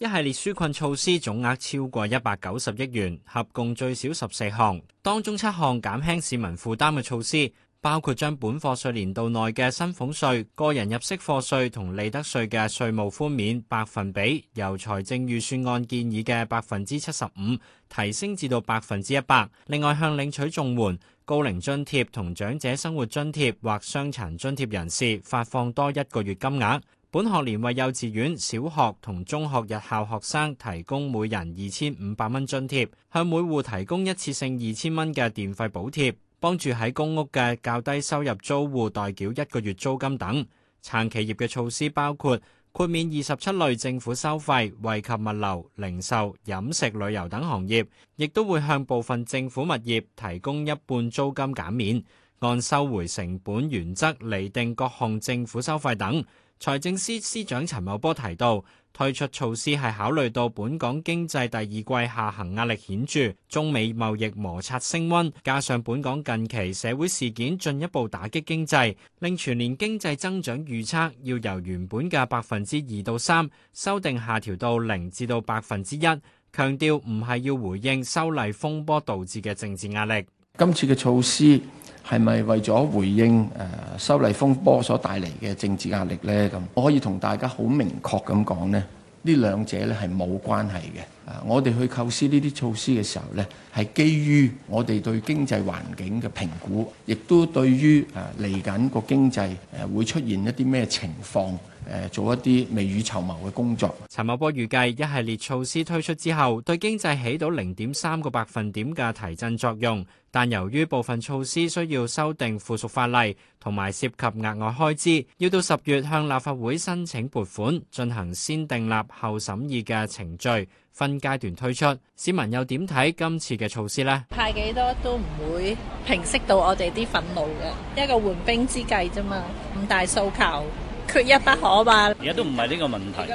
一系列紓困措施總額超過一百九十億元，合共最少十四項，當中七項減輕市民負擔嘅措施，包括將本課稅年度內嘅薪俸稅、個人入息課稅同利得稅嘅稅務寬免百分比，由財政預算案建議嘅百分之七十五提升至到百分之一百。另外，向領取綜援、高齡津貼同長者生活津貼或傷殘津貼人士發放多一個月金額。本學年為幼稚園、小學同中學日校學生提供每人二千五百蚊津貼，向每戶提供一次性二千蚊嘅電費補貼，幫助喺公屋嘅較低收入租戶代繳一個月租金等。撐企業嘅措施包括豁免二十七類政府收費，惠及物流、零售、飲食、旅遊等行業，亦都會向部分政府物業提供一半租金減免，按收回成本原則釐定各項政府收費等。財政司司長陳茂波提到，推出措施係考慮到本港經濟第二季下行壓力顯著，中美貿易摩擦升溫，加上本港近期社會事件進一步打擊經濟，令全年經濟增長預測要由原本嘅百分之二到三修訂下調到零至到百分之一。強調唔係要回應修例風波導致嘅政治壓力，今次嘅措施。係咪為咗回應誒修例風波所帶嚟嘅政治壓力呢？咁我可以同大家好明確咁講咧，呢兩者咧係冇關係嘅。啊，我哋去構思呢啲措施嘅時候咧，係基於我哋對經濟環境嘅評估，亦都對於誒嚟緊個經濟誒會出現一啲咩情況。誒做一啲未雨綢繆嘅工作。陳茂波預計一系列措施推出之後，對經濟起到零點三個百分點嘅提振作用。但由於部分措施需要修訂附屬法例，同埋涉及額外開支，要到十月向立法會申請撥款，進行先訂立後審議嘅程序，分階段推出。市民又點睇今次嘅措施呢？派幾多都唔會平息到我哋啲憤怒嘅一個緩兵之計啫嘛，五大訴求。缺一不可嘛。而家都唔係呢個問題，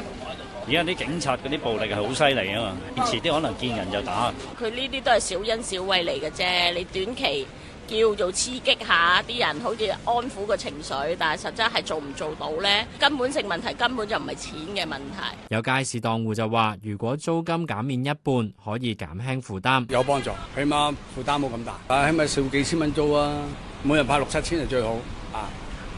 而家啲警察嗰啲暴力係好犀利啊嘛，遲啲可能見人就打。佢呢啲都係小恩小惠嚟嘅啫，你短期叫做刺激下啲人，好似安撫個情緒，但係實質係做唔做到咧？根本性問題根本就唔係錢嘅問題。有街市檔戶就話，如果租金減免一半，可以減輕負擔，有幫助，起碼負擔冇咁大啊，起碼少幾千蚊租啊，每人派六七千就最好啊，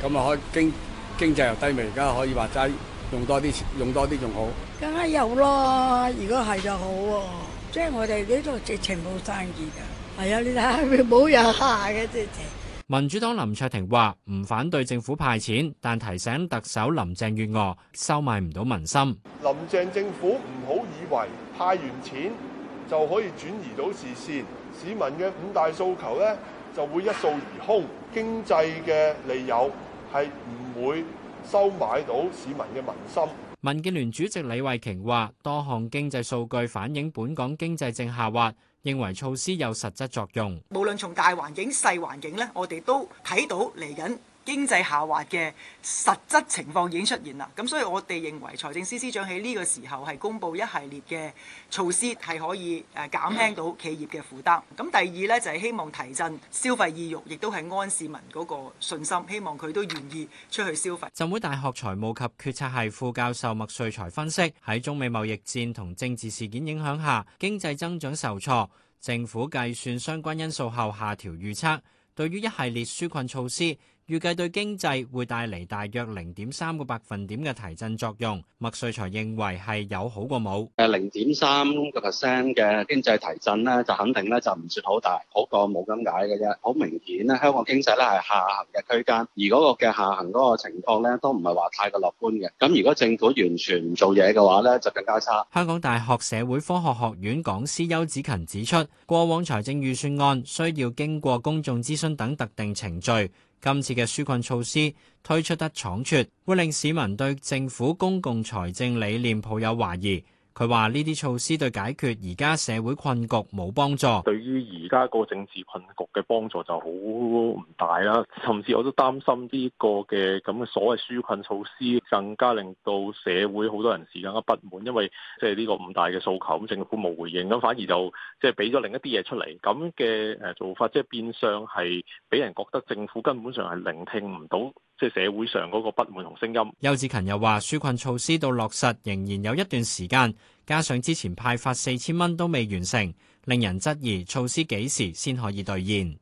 咁啊可以經。經濟又低迷，而家可以話齋用多啲錢，用多啲仲好。梗係有咯，如果係就好喎。即係我哋呢度直情冇生意㗎。係啊，你睇下冇人下嘅直情。民主黨林卓廷話：唔反對政府派錢，但提醒特首林鄭月娥收買唔到民心。林鄭政府唔好以為派完錢就可以轉移到視線，市民嘅五大訴求咧就會一掃而空，經濟嘅理由。係唔會收買到市民嘅民心。民建聯主席李慧瓊話，多項經濟數據反映本港經濟正下滑，認為措施有實質作用。無論從大環境、細環境咧，我哋都睇到嚟緊。經濟下滑嘅實質情況已經出現啦，咁所以我哋認為財政司司長喺呢個時候係公布一系列嘅措施，係可以誒減輕到企業嘅負擔。咁第二呢，就係希望提振消費意欲，亦都係安市民嗰個信心，希望佢都願意出去消費。浸會大學財務及決策系副教授麥瑞才分析喺中美貿易戰同政治事件影響下，經濟增長受挫，政府計算相關因素後下調預測。對於一系列紓困措施，預計對經濟會帶嚟大約零點三個百分點嘅提振作用。麥瑞才認為係有好過冇。誒零點三個 percent 嘅經濟提振呢，就肯定咧就唔算好大，好過冇咁解嘅啫。好明顯呢，香港經濟咧係下行嘅區間，而嗰個嘅下行嗰個情況咧都唔係話太過樂觀嘅。咁如果政府完全唔做嘢嘅話咧，就更加差。香港大學社會科學學院講師邱子勤指出，過往財政預算案需要經過公眾諮詢等特定程序。今次嘅紓困措施推出得倉促，會令市民對政府公共財政理念抱有懷疑。佢話呢啲措施對解決而家社會困局冇幫助，對於而家個政治困局嘅幫助就好唔大啦。甚至我都擔心呢個嘅咁嘅所謂紓困措施，更加令到社會好多人時間一不滿，因為即係呢個五大嘅訴求，咁政府冇回應，咁反而就即係俾咗另一啲嘢出嚟，咁嘅誒做法，即係變相係俾人覺得政府根本上係聆聽唔到。即係社會上嗰個不滿同聲音。邱志勤又話：紓困措施到落實仍然有一段時間，加上之前派發四千蚊都未完成，令人質疑措施幾時先可以兌現。